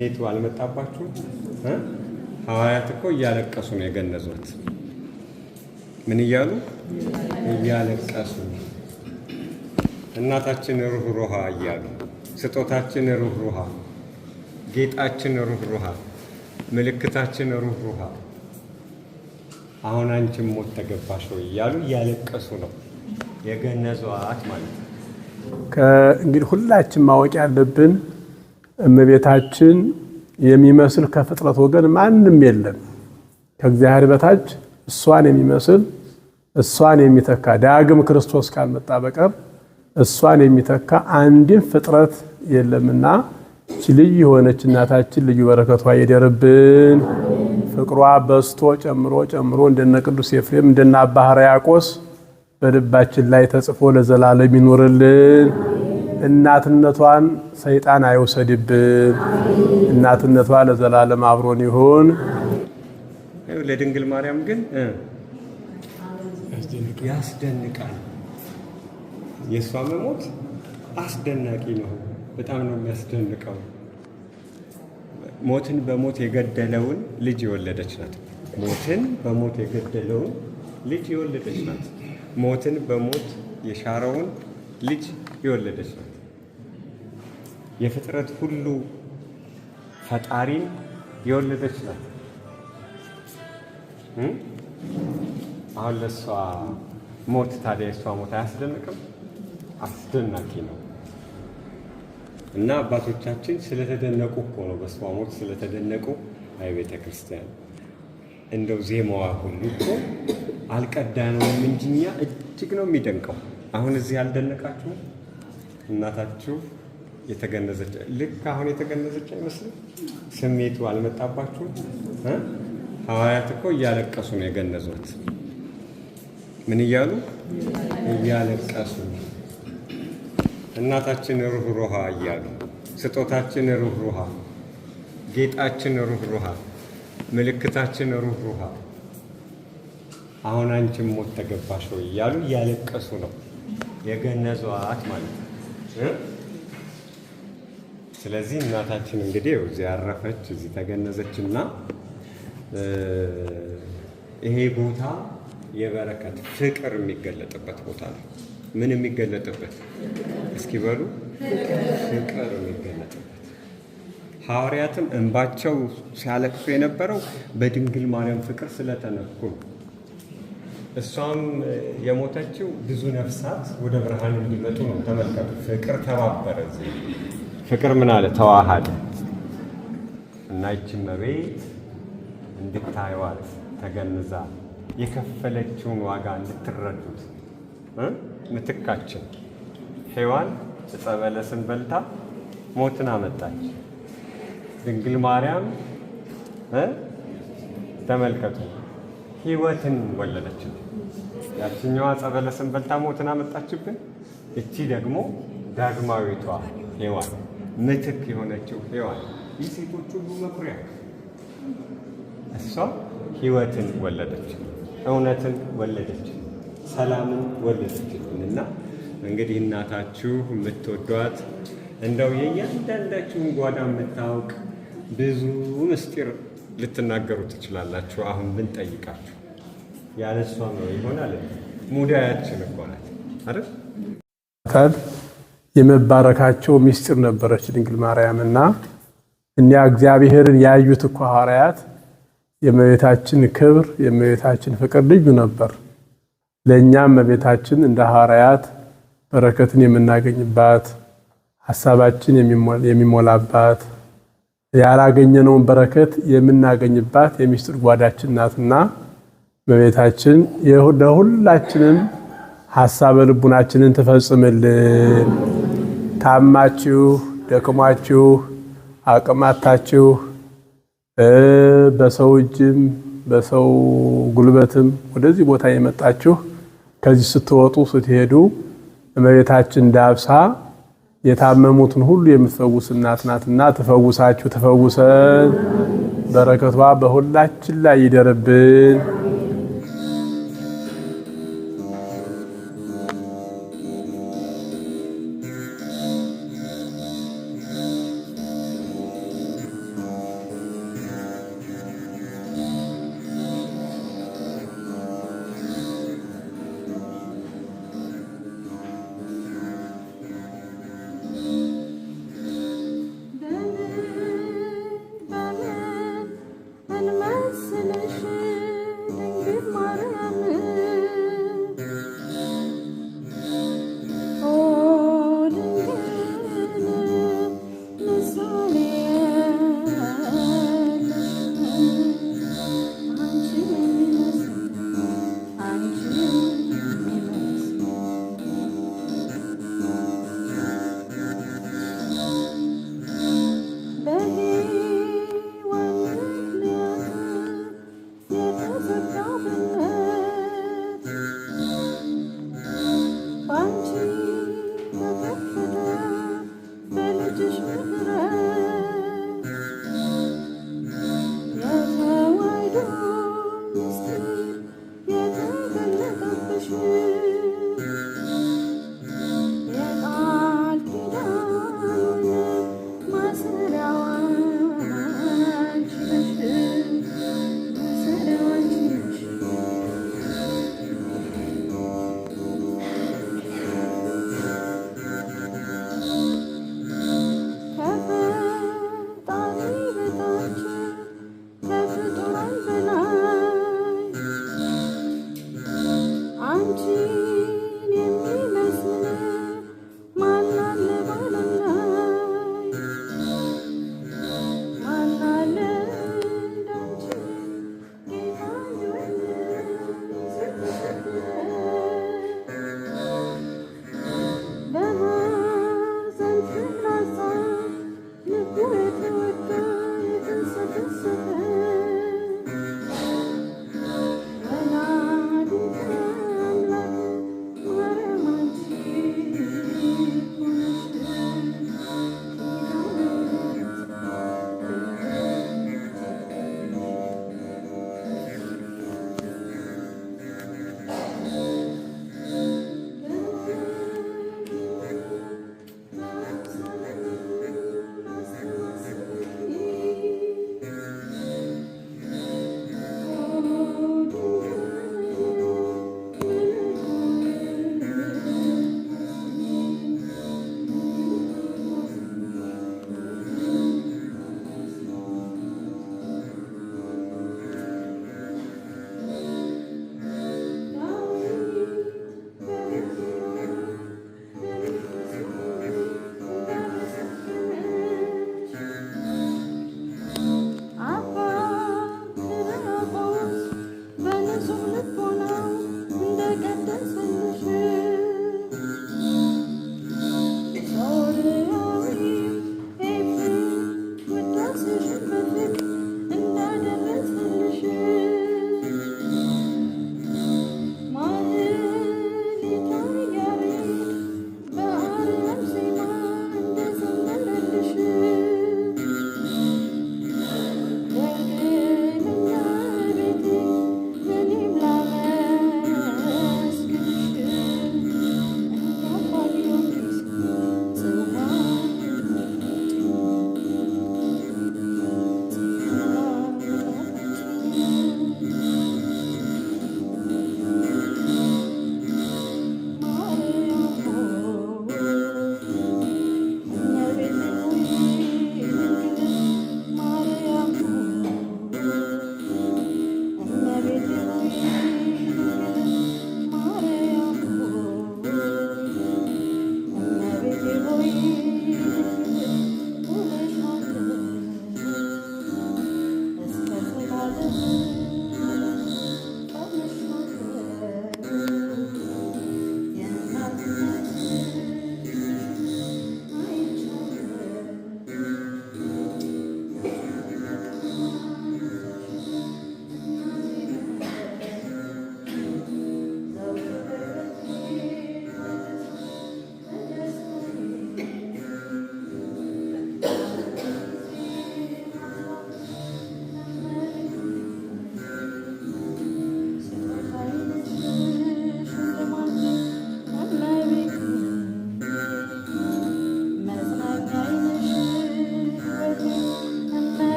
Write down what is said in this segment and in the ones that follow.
ቤቱ አልመጣባችሁ ሐዋርያት እኮ እያለቀሱ ነው የገነዙት። ምን እያሉ እያለቀሱ እናታችን ሩህሩሃ እያሉ ስጦታችን ሩህሩሃ፣ ጌጣችን ሩህሩሃ፣ ምልክታችን ሩህሩሃ፣ አሁን አንቺም ሞት ተገባሽ ወይ እያሉ እያለቀሱ ነው የገነዟት ማለት ነው። እንግዲህ ሁላችን ማወቅ ያለብን እመቤታችን የሚመስል ከፍጥረት ወገን ማንም የለም። ከእግዚአብሔር በታች እሷን የሚመስል እሷን የሚተካ ዳግም ክርስቶስ ካልመጣ በቀር እሷን የሚተካ አንድም ፍጥረት የለምና ልዩ የሆነች እናታችን ልዩ በረከቷ ይደርብን። ፍቅሯ በስቶ ጨምሮ ጨምሮ እንደነ ቅዱስ ኤፍሬም እንደነ አባ ሕርያቆስ በልባችን ላይ ተጽፎ ለዘላለም ይኖርልን። እናትነቷን ሰይጣን አይወሰድብን። እናትነቷ ለዘላለም አብሮን ይሁን። ለድንግል ማርያም ግን ያስደንቃል። የእሷ መሞት አስደናቂ ነው። በጣም ነው የሚያስደንቀው። ሞትን በሞት የገደለውን ልጅ የወለደች ናት። ሞትን በሞት የገደለውን ልጅ የወለደች ናት። ሞትን በሞት የሻረውን ልጅ የወለደች ናት። የፍጥረት ሁሉ ፈጣሪን የወለደች ናት። አሁን ለእሷ ሞት ታዲያ የእሷ ሞት አያስደንቅም? አስደናቂ ነው። እና አባቶቻችን ስለተደነቁ እኮ ነው በእሷ ሞት ስለተደነቁ። አይ ቤተ ክርስቲያን እንደው ዜማዋ ሁሉ እኮ አልቀዳነውም እንጂ እኛ እጅግ ነው የሚደንቀው። አሁን እዚህ አልደነቃችሁም እናታችሁ የተገነዘች ልክ አሁን የተገነዘች አይመስልም? ስሜቱ አልመጣባችሁም? ሐዋርያት እኮ እያለቀሱ ነው የገነዙት። ምን እያሉ እያለቀሱ እናታችን ሩህሩሃ እያሉ ስጦታችን ሩህሩሃ፣ ጌጣችን ሩህሩሃ፣ ምልክታችን ሩህሩሃ፣ አሁን አንቺም ሞት ተገባሽ ወይ እያሉ እያለቀሱ ነው የገነዟት ማለት ነው። ስለዚህ እናታችን እንግዲህ እዚህ ያረፈች እዚህ ተገነዘች እና ይሄ ቦታ የበረከት ፍቅር የሚገለጥበት ቦታ ነው። ምን የሚገለጥበት እስኪ በሉ ፍቅር የሚገለጥበት ሐዋርያትም እንባቸው ሲያለቅሱ የነበረው በድንግል ማርያም ፍቅር ስለተነኩ ነው። እሷም የሞተችው ብዙ ነፍሳት ወደ ብርሃን እንዲመጡ ነው። ተመልከቱ፣ ፍቅር ተባበረ እዚህ ፍቅር ምን አለ ተዋሃደ እና ይችን መቤት እንድታዩዋት ተገንዛ የከፈለችውን ዋጋ እንድትረዱት ምትካችን ሔዋን ዕፀ በለስን በልታ ሞትን አመጣች። ድንግል ማርያም ተመልከቱ ሕይወትን ወለደች። ያችኛዋ ዕፀ በለስን በልታ ሞትን አመጣችብን። እቺ ደግሞ ዳግማዊቷ ሔዋን ምትክ የሆነችው ሔዋን የሴቶች ሁሉ መኩሪያ እሷ ህይወትን ወለደች፣ እውነትን ወለደች፣ ሰላምን እና እንግዲህ እናታችሁ የምትወዷት እንደው የእያንዳንዳችሁን ጓዳ የምታውቅ ብዙ ምስጢር ልትናገሩ ትችላላችሁ። አሁን ምን ጠይቃችሁ ያለሷ ነው ይሆናል ሙዳያችን እኮ ናት አይደል? የመባረካቸው ምስጢር ነበረች ድንግል ማርያምና እኒያ እግዚአብሔርን ያዩት እኮ ሐዋርያት የመቤታችን ክብር የመቤታችን ፍቅር ልዩ ነበር። ለእኛም መቤታችን እንደ ሐዋርያት በረከትን የምናገኝባት ሀሳባችን የሚሞላባት ያላገኘነውን በረከት የምናገኝባት የምስጢር ጓዳችን ናትና መቤታችን ለሁላችንም ሀሳበ ልቡናችንን ትፈጽምልን። ታማችሁ ደክማችሁ አቅማታችሁ በሰው እጅም በሰው ጉልበትም ወደዚህ ቦታ የመጣችሁ ከዚህ ስትወጡ ስትሄዱ እመቤታችን ዳብሳ የታመሙትን ሁሉ የምትፈውስ እናት ናትና ትፈውሳችሁ ትፈውሰን። በረከቷ በሁላችን ላይ ይደርብን። naman.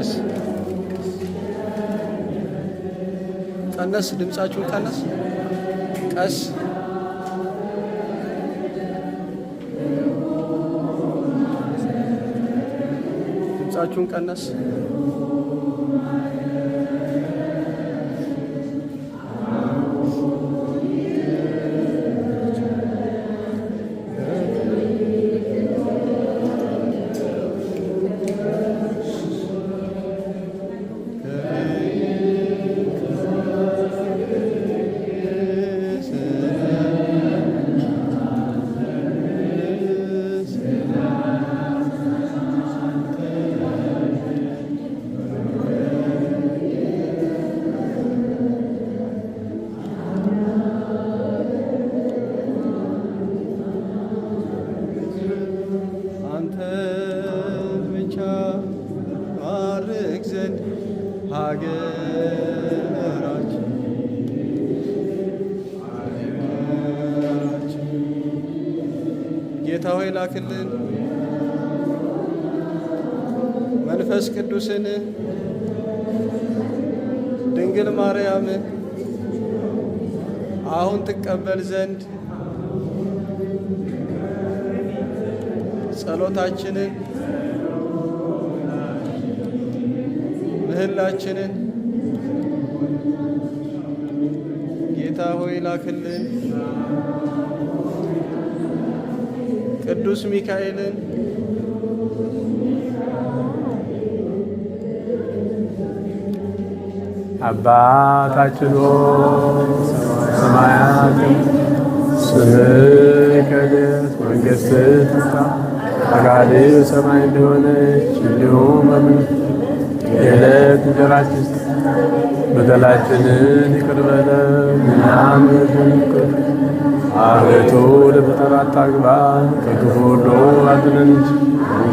ቀነስ ቀነስ፣ ድምጻችሁን ቀነስ፣ ቀስ ድምፃችሁን ቀነስ ጌታ ሆይ ላክልን መንፈስ ቅዱስን ድንግል ማርያምን አሁን ትቀበል ዘንድ ጸሎታችንን ምህላችንን ጌታ ሆይ ላክልን። ቅዱስ ሚካኤልን አባታችን ሆይ ሰማያት ስምህ ይቀደስ፣ መንግሥትህ ትምጣ፣ ፈቃድህ በሰማይ እንደሆነች እንዲሁም በምድር የዕለት እንጀራችን በደላችንን ይቅር በለን እኛም ይቅር አቤቱ ወደ ፈተና አታግባን፣ ከክፉ ሁሉ አድነን እንጂ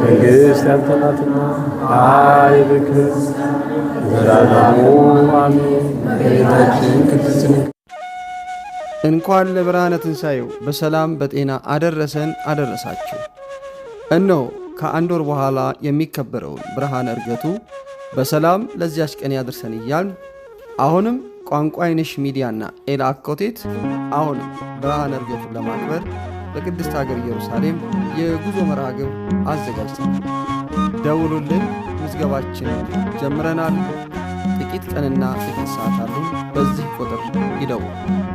መንግሥት ያንተ ናትና ኃይል፣ ክብር አሜን። ቅድስት እንኳን ለብርሃነ ትንሣኤው በሰላም በጤና አደረሰን አደረሳችሁ። እነሆ ከአንድ ወር በኋላ የሚከበረውን ብርሃነ ዕርገቱ በሰላም ለዚያች ቀን ያድርሰን እያል አሁንም ቋንቋ አይነሽ ሚዲያና ኤላ አኮቴት አሁንም ብርሃነ ልደቱን ለማክበር በቅድስት ሀገር ኢየሩሳሌም የጉዞ መርሃ ግብር አዘጋጅተን ደውሉልን። ምዝገባችንን ጀምረናል። ጥቂት ቀንና ጥቂት ሰዓት አሉ። በዚህ ቁጥር ይደውሉ።